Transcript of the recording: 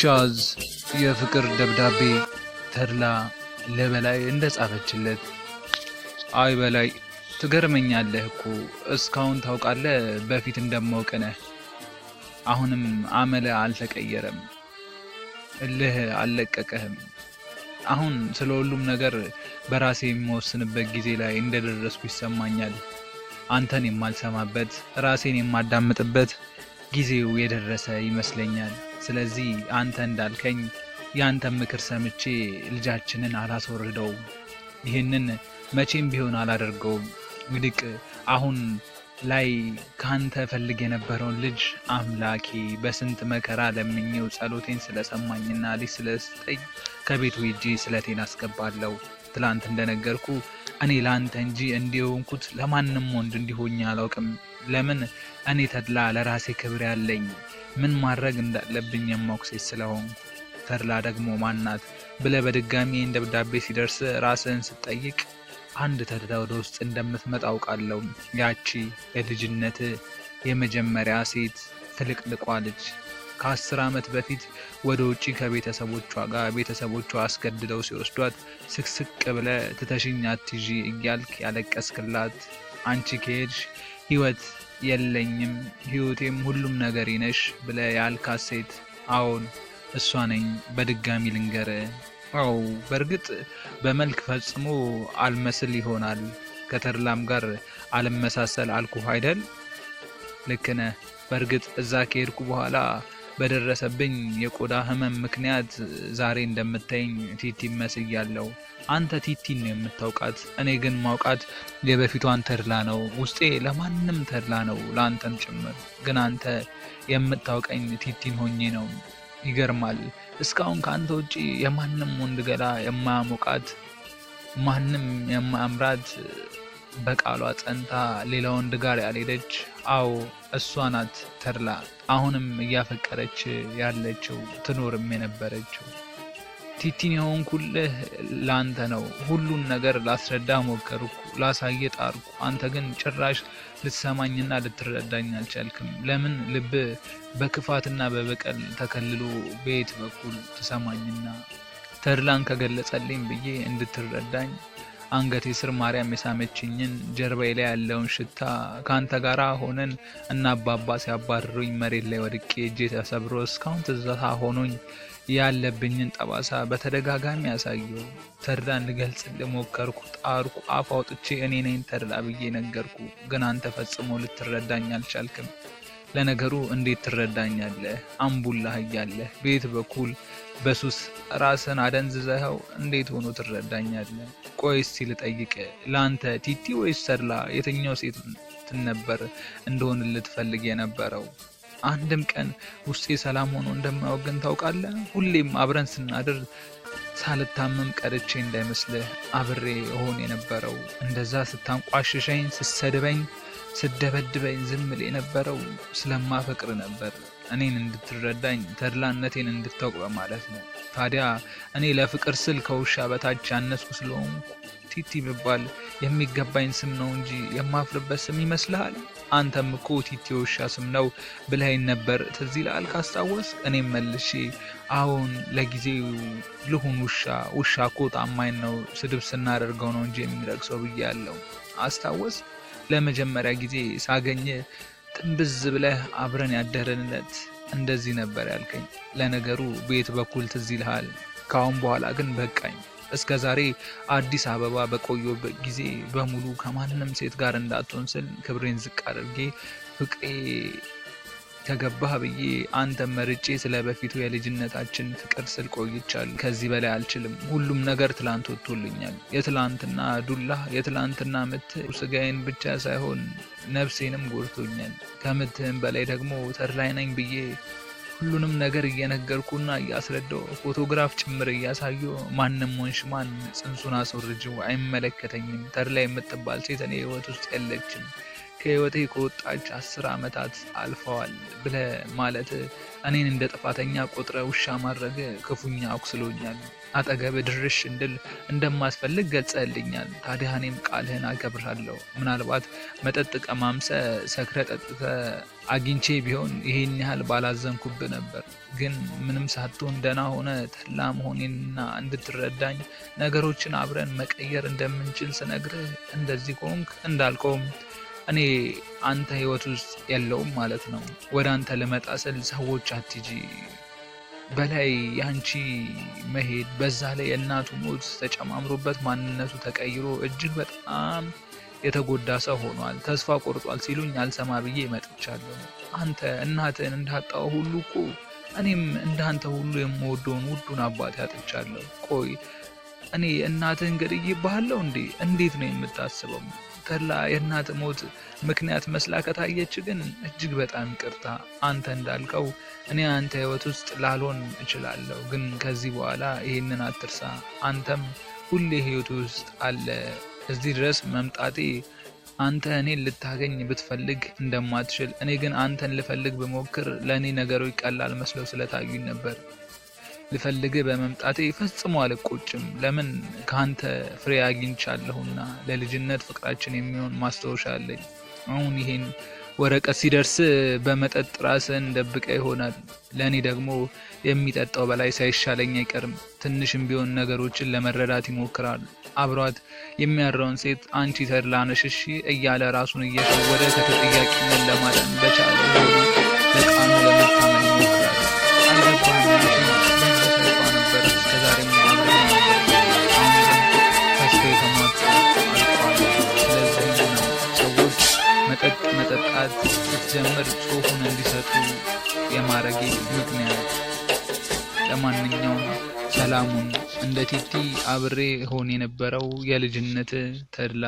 ሻዝ የፍቅር ደብዳቤ ተድላ ለበላይ ጻፈችለት። አይ በላይ ትገርመኛለህ እኮ እስካሁን ታውቃለህ፣ በፊት እንደማውቅ ነህ። አሁንም አመለ አልተቀየረም፣ እልህ አልለቀቀህም። አሁን ስለ ሁሉም ነገር በራሴ የሚወስንበት ጊዜ ላይ እንደደረስኩ ይሰማኛል። አንተን የማልሰማበት ራሴን የማዳምጥበት ጊዜው የደረሰ ይመስለኛል። ስለዚህ አንተ እንዳልከኝ ያንተን ምክር ሰምቼ ልጃችንን አላስወርደውም። ይህንን መቼም ቢሆን አላደርገውም። ይልቅ አሁን ላይ ካንተ ፈልግ የነበረውን ልጅ አምላኬ በስንት መከራ ለምኘው ጸሎቴን ስለሰማኝና ልጅ ስለስጠኝ ከቤቱ ሂጄ ስለቴን አስገባለሁ። ትላንት እንደነገርኩ እኔ ለአንተ እንጂ እንዲሆንኩት ለማንም ወንድ እንዲሆኝ አላውቅም። ለምን እኔ ተድላ ለራሴ ክብር ያለኝ ምን ማድረግ እንዳለብኝ የማውቅ ሴት ስለሆን ተድላ ደግሞ ማናት ብለ በድጋሚ ደብዳቤ ሲደርስ ራስህን ስጠይቅ? አንድ ተድላ ወደ ውስጥ እንደምትመጣ አውቃለሁ። ያቺ የልጅነት የመጀመሪያ ሴት ፍልቅልቋ ልጅ ከአስር ዓመት በፊት ወደ ውጪ ከቤተሰቦቿ ጋር ቤተሰቦቿ አስገድደው ሲወስዷት ስቅስቅ ብለ ትተሽኝ አትዢ እያልክ ያለቀስክላት አንቺ ከሄድሽ ህይወት የለኝም ህይወቴም ሁሉም ነገር ይነሽ ብለ ያልካት ሴት አዎን እሷ ነኝ። በድጋሚ ልንገረ አው በእርግጥ በመልክ ፈጽሞ አልመስል ይሆናል ከተድላም ጋር አልመሳሰል አልኩ አይደል? ልክነ በእርግጥ እዛ ከሄድኩ በኋላ በደረሰብኝ የቆዳ ህመም ምክንያት ዛሬ እንደምታየኝ ቲቲ ያለው አንተ ቲቲን ነው የምታውቃት፣ እኔ ግን ማውቃት የበፊቷን ተድላ ነው። ውስጤ ለማንም ተድላ ነው፣ ለአንተም ጭምር። ግን አንተ የምታውቀኝ ቲቲን ሆኜ ነው። ይገርማል። እስካሁን ከአንተ ውጪ የማንም ወንድ ገላ የማያሞቃት ማንም የማያምራት በቃሏ ጸንታ ሌላ ወንድ ጋር ያልሄደች፣ አው እሷ ናት ተድላ አሁንም እያፈቀረች ያለችው ትኖርም የነበረችው። ቲቲን የሆንኩልህ ለአንተ ነው። ሁሉን ነገር ላስረዳ ሞከርኩ፣ ላሳየ ጣርኩ። አንተ ግን ጭራሽ ልትሰማኝና ልትረዳኝ አልቻልክም። ለምን ልብ በክፋትና በበቀል ተከልሎ በየት በኩል ትሰማኝና ተድላን ከገለጸልኝ ብዬ እንድትረዳኝ አንገቴ ስር ማርያም የሳመችኝን ጀርባዬ ላይ ያለውን ሽታ ከአንተ ጋር ሆነን እና አባባ ሲያባርሩኝ መሬት ላይ ወድቄ እጄ ተሰብሮ እስካሁን ትዝታ ሆኖኝ ያለብኝን ጠባሳ በተደጋጋሚ ያሳየው ተድላን ልገልጽ ልሞከርኩ ጣርኩ። አፍ አውጥቼ እኔ ነኝ ተድላ ብዬ ነገርኩ። ግን አንተ ፈጽሞ ልትረዳኝ አልቻልክም። ለነገሩ እንዴት ትረዳኛለህ? አምቡላህ እያለህ ቤት በኩል በሱስ ራስን አደንዝዘኸው እንዴት ሆኖ ትረዳኛለህ? ቆይ እስቲ ልጠይቅ፣ ለአንተ ቲቲ ወይስ ሰርላ የትኛው ሴት ትነበር እንደሆን ልትፈልግ የነበረው? አንድም ቀን ውስጤ ሰላም ሆኖ እንደማይወግን ታውቃለህ። ሁሌም አብረን ስናድር ሳልታመም ቀርቼ እንዳይመስልህ አብሬ እሆን የነበረው። እንደዛ ስታንቋሽሸኝ፣ ስሰድበኝ ስደበድበኝ ዝም ል የነበረው ስለማፈቅር ነበር። እኔን እንድትረዳኝ ተድላነቴን እንድታውቅ በማለት ነው። ታዲያ እኔ ለፍቅር ስል ከውሻ በታች ያነስኩ ስለሆን ቲቲ ብባል የሚገባኝ ስም ነው እንጂ የማፍርበት ስም ይመስልሃል? አንተም እኮ ቲቲ ውሻ ስም ነው ብላይን ነበር ትዚህ ይልሃል ካስታወስ። እኔም መልሼ አሁን ለጊዜው ልሁን ውሻ፣ ውሻ ኮ ጣማኝ ነው፣ ስድብ ስናደርገው ነው እንጂ የሚረግሰው ብዬ ያለው አስታወስ ለመጀመሪያ ጊዜ ሳገኝ ጥንብዝ ብለህ አብረን ያደረንለት እንደዚህ ነበር ያልከኝ። ለነገሩ ቤት በኩል ትዝ ይልሃል። ካሁን በኋላ ግን በቃኝ። እስከ ዛሬ አዲስ አበባ በቆየበት ጊዜ በሙሉ ከማንም ሴት ጋር እንዳትሆን ስል ክብሬን ዝቅ አድርጌ ፍቅሬ ከገባህ ብዬ አንተ መርጬ ስለ በፊቱ የልጅነታችን ፍቅር ስል ቆይቻለሁ። ከዚህ በላይ አልችልም። ሁሉም ነገር ትላንት ወጥቶልኛል። የትላንትና ዱላ፣ የትላንትና ምት ስጋዬን ብቻ ሳይሆን ነፍሴንም ጎድቶኛል። ከምትህም በላይ ደግሞ ተድላይ ነኝ ብዬ ሁሉንም ነገር እየነገርኩና እያስረዳው ፎቶግራፍ ጭምር እያሳየው ማንም ወንሽ ማን ጽንሱን አስወርጅው አይመለከተኝም። ተድላይ የምትባል ሴት እኔ ህይወት ውስጥ የለችም። ከህይወት ከወጣች አስር ዓመታት አልፈዋል ብለ ማለት እኔን እንደ ጥፋተኛ ቆጥረ ውሻ ማድረግ ክፉኛ አኩስሎኛል። አጠገብ ድርሽ እንድል እንደማስፈልግ ገልጸልኛል። ታዲያ እኔም ቃልህን አከብራለሁ። ምናልባት መጠጥ ቀማምሰ ሰክረ ጠጥተ አግኝቼ ቢሆን ይህን ያህል ባላዘንኩብ ነበር። ግን ምንም ሳትሆን ደህና ሆነ ተላ መሆኔንና እንድትረዳኝ ነገሮችን አብረን መቀየር እንደምንችል ስነግርህ እንደዚህ ቆንክ እንዳልቀውም። እኔ አንተ ህይወት ውስጥ የለውም ማለት ነው። ወደ አንተ ልመጣ ስል ሰዎች አትጂ በላይ የአንቺ መሄድ በዛ ላይ የእናቱ ሞት ተጨማምሮበት ማንነቱ ተቀይሮ እጅግ በጣም የተጎዳ ሰው ሆኗል። ተስፋ ቆርጧል ሲሉኝ አልሰማ ብዬ መጥቻለሁ። አንተ እናትን እንዳጣው ሁሉ እኮ እኔም እንዳንተ ሁሉ የምወደውን ውዱን አባት ያጥቻለሁ። ቆይ እኔ እናትህን ገድዬብሃለሁ እንዴ? እንዴት ነው የምታስበው? ተድላ የእናት ሞት ምክንያት መስላ ከታየች ግን እጅግ በጣም ቅርታ። አንተ እንዳልከው እኔ አንተ ህይወት ውስጥ ላልሆን እችላለሁ፣ ግን ከዚህ በኋላ ይህንን አትርሳ። አንተም ሁሌ ህይወት ውስጥ አለ። እዚህ ድረስ መምጣቴ አንተ እኔን ልታገኝ ብትፈልግ እንደማትችል፣ እኔ ግን አንተን ልፈልግ ብሞክር ለእኔ ነገሮች ቀላል መስለው ስለታዩኝ ነበር። ልፈልግህ በመምጣቴ ፈጽሞ አልቆጭም። ለምን ከአንተ ፍሬ አግኝቻለሁና ለልጅነት ፍቅራችን የሚሆን ማስታወሻ አለኝ። አሁን ይሄን ወረቀት ሲደርስ በመጠጥ ራስን ደብቀ ይሆናል። ለእኔ ደግሞ የሚጠጣው በላይ ሳይሻለኝ አይቀርም። ትንሽም ቢሆን ነገሮችን ለመረዳት ይሞክራል። አብሯት የሚያራውን ሴት አንቺ ተድላ ነሽ እሺ እያለ ራሱን እየሸወደ ከተጠያቂነት ለማዳን በቻለ እንዲመጡ የማረጌ ምክንያት ለማንኛውም ሰላሙን እንደ ቲቲ አብሬ ሆን የነበረው የልጅነት ተድላ